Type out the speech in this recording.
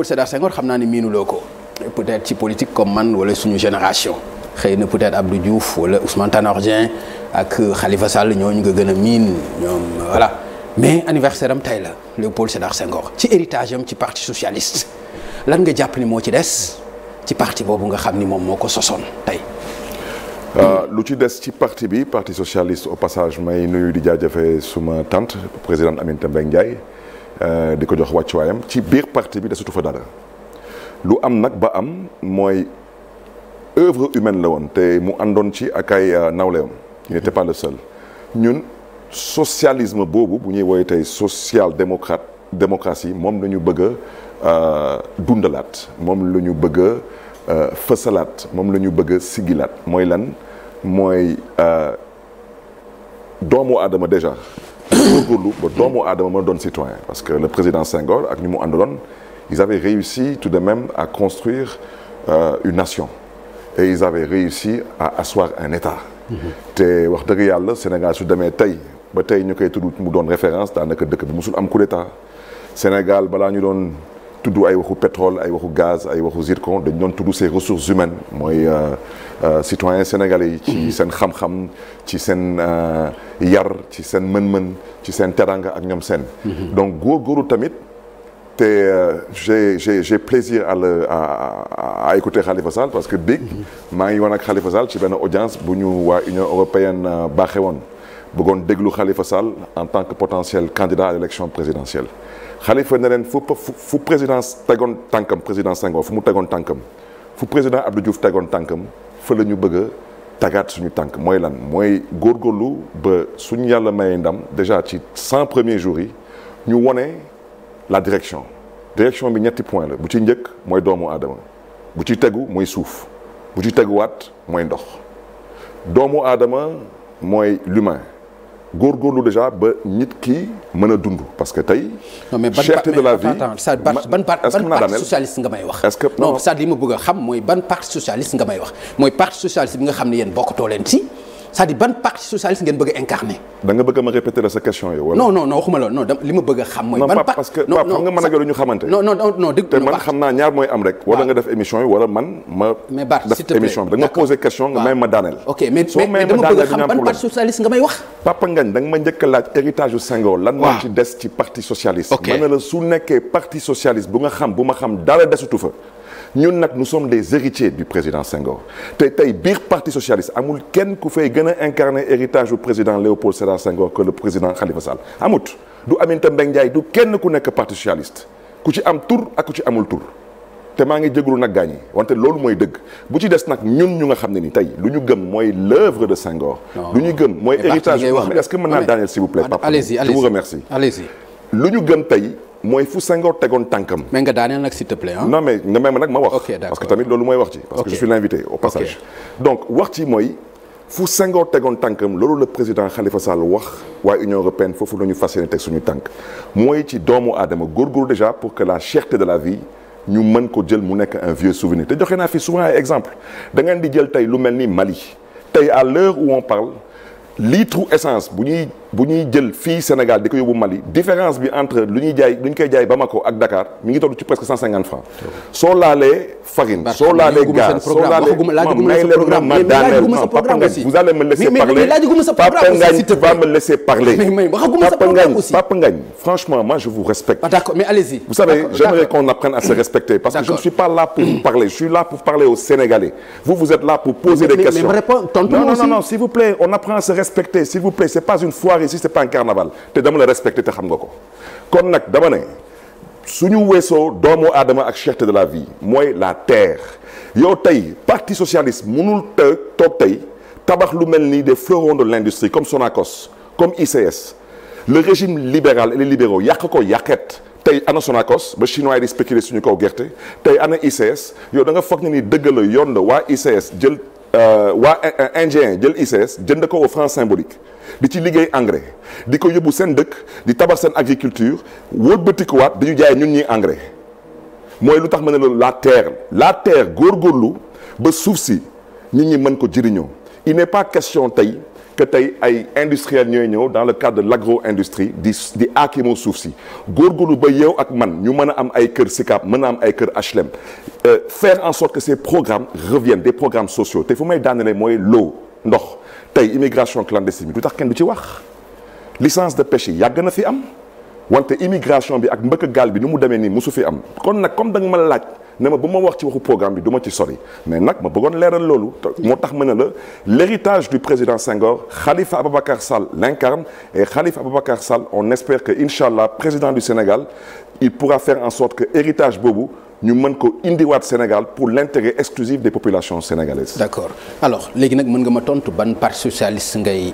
Léopold Sédar Senghor xam naa ne loo ko peut-être ci politique comme man wala suñu génération xëy na peut-être Abdou Diouf wala Ousmane Tanor Dieng ak Khalifa Sall ñooñu nga gën a miin voilà mais anniversaire am tey la Léopold Sédar Senghor ci héritage am ci parti socialiste lan nga jàpp ni moo ci des ci parti boobu nga xam ni moom moo ko sosoon tey. Euh, lu ci des ci parti bi parti socialiste au passage may nuyu di jaajëfee suma tante présidente Aminata Mbengue Ndiaye. Euh, di ko jox wàccuwaayam ci biir parti bi desatu fa dara lu am nag ba am mooy œuvre humaine la woon te mu àndoon ci ak ay euh, nawleem il n'était pas le seul ñun socialisme boobu bu ñuy woowee tey social démocrate démocratie moom la ñu bëgg a euh, dundalaat moom la ñu bëgg a fësalaat moom la ñu bëgg sigilaat mooy lan mooy doomu aadama déjà góorgóorlu ba doomu aadama mën a doon citoyen parce que le président Senghor ak ñu mu àndaloon ils avaient réussi tout de même à construire euh, une nation et ils avaient réussi à asseoir un état mhm. te wax dëgg yàlla Sénégal su demee tey ba tey ñu koy tudd mu doon référence daanaka dëkk bi musul am coup d'état Sénégal balaa ñu doon tuddu ay waxu pétrole ay waxu gaz ay waxu zircon dañ doon tudd se ressources humaines mooy euh, euh, citoyens sénégalais yi ci mhm. seen xam ci seen euh, yar ci seen mën man ci seen teranga ak ñoom seen mhm. donc góorgóorlu tamit te j'ai j'ai j'ai plaisir à le à, écouter Khalifa Sall parce que big mhm. maa ngi woon ak Khalifa Sall ci benn audience bu ñu waa Union européenne baaxee woon bëggoon déglu Khalifa Sall en tant que potentiel candidat à l'élection présidentielle Khalifa ne leen fu fu président tegoon tànkam président Senghor fu mu tegoon tànkam fu président Abdou Diouf tegoon tànkam fa la ñu bëgg a tagaat suñu tànk mooy lan mooy góorgóorlu ba suñu yàlla may ndam déjà ci cent premiers jours yi ñu wone la direction direction bi ñetti point la bu ci njëkk mooy doomu aadama bu ci tegu mooy suuf bu ci teguwaat mooy ndox doomu aadama mooy l'humain du déjà ba nit ki mën a dund parce que tey. cherté de la vie ban parti socialiste nga may wax. est-ce que non li ma bëgg a mooy ban parti socialiste nga may wax mooy parti socialiste bi nga xam ne yéen bokkatoo leen saa à dire ban parti socialiste ngeen bëgg a incarner. da nga a ma répéter la sa question yow. non non non waxuma la non li ma bëgg a xam. mooy ban parti parce que xam nga mën a am ma. mais Bart may ma daaneel. a nga may wax. Papa Ngagne da ma njëkk a laaj héritage u Senghor. lan moo ah. ci des ci parti socialiste. ok la su nekkee parti socialiste bu nga xam bu ma xam dara desatu fa ñun nag nous sommes des héritiers du président Senghor te tey biir parti socialiste amul kenn ku fay gën a incarner héritage bu président Léopold Sédar Senghor que le président Khalifa Sall amut du Aminata Mbengue Ndiaye du kenn ku nekk parti socialiste ku ci am tour ak ku ci amul tur te maa ngi jégalu nag gaañi wante loolu mooy dëgg bu ci des nag ñun ñu nga xam ne ni tey lu ñu gëm mooy l'œuvre de Senghor. lu ñu gëm mooy héritage. est-ce que mën naa daaneel s'il vous plaît papa. allez-y allez-y je vous lu ñu gëm tey. mooy fu Senghor tegoon tànkam. mais nga daaneel nag s'il te plaît. non mais nga may ma nag ma wax. parce que tamit loolu mooy wax ci. parce que je l'invité au passage. donc wax ci mooy fu Senghor tegoon tànkam loolu la président Khalifa Sall wax waa Union européenne foofu la ñu fas teg suñu tànk mooy ci doomu aadama góorgóorlu déjà pour que la cherté de la vie. ñu mën ko jël mu nekk un vieux souvenir te joxe naa fi souvent ay exemple da di jël tey lu mel ni Mali tey à l'heure où on parle litre bu ñuy bu ñuy jël fii Sénégal di ko yóbbu Mali différence bi entre lu ñuy jaay Bamako ak Dakar mi ngi toll ci presque cent cinquante farine soo laalee gaz soo laalee may leen ma daaneel Papa Ngagne vous allez me laisser parler franchement moi je vous respecte ah, vous savez j'aimerais qu'on apprenne à se respecter parce je ne suis pas là pour parler je suis là pour parler aux Sénégalais vous vous êtes là pour poser des questions Dakar ici c'est carnaval te dama la respecté te xam nga ko kon nag dama ne suñu weesoo doomu aadama ak cherté de la vie mooy la terre yow tey parti socialiste mënul te tey tabax lu mel ni des fleurons de l'industrie comme Sonacos comme ICS le régime libéral et les libéraux yàq ko yàqet tey ana Sonacos ba chinois yi di spéculer suñu kaw gerte tey ana ICS yow da nga foog ne ni la yoon la waa ICS jël Euh, waa euh, euh, ingéen jël ICS jënd ko au franc symbolique di ci liggéey engrais di ko yóbbu seen dëkk di tabax seen agriculture wëlbatikuwaat di ñu jaay ñun ñuy engrais mooy lu tax ma ne loolu la terre la terre góorlu ba suuf si nit ñi mën ko jëriñoo il n'est pas question tey que tey ay industriel ñooy ñëw dans le cadre de l'agro-industrie di di aakimoo suuf si góor góorgóorlu ba yow ak man ñu mën a am ay kër SICAP mën a am ay kër HLM euh, faire en sorte que ces programmes reviennent des programmes sociaux te fu may daanale mooy l'eau ndox tey immigration clandestine bi du tax kenn du ci wax licence de pêche yàgg na fi am wante immigration bi ak mbëkk gaal bi ni mu demee nii mosu fi am kon nag comme da nga ma laaj ne ma bu ma wax ci waxu programme bi du ma ci sori mais nag ma bëggoon leeral loolu moo tax ma ne la l'héritage du président Senghor Khalifa Ababacar Sall l'incarne et Khalifa Ababacar Sall on espère que incha allah président du Sénégal il pourra faire en sorte que héritage boobu ñu mën ko indiwaat Sénégal pour l'intérêt exclusif des populations sénégalaises. d'accord alors léegi nag mën nga ma tontu ban parti socialiste ngay.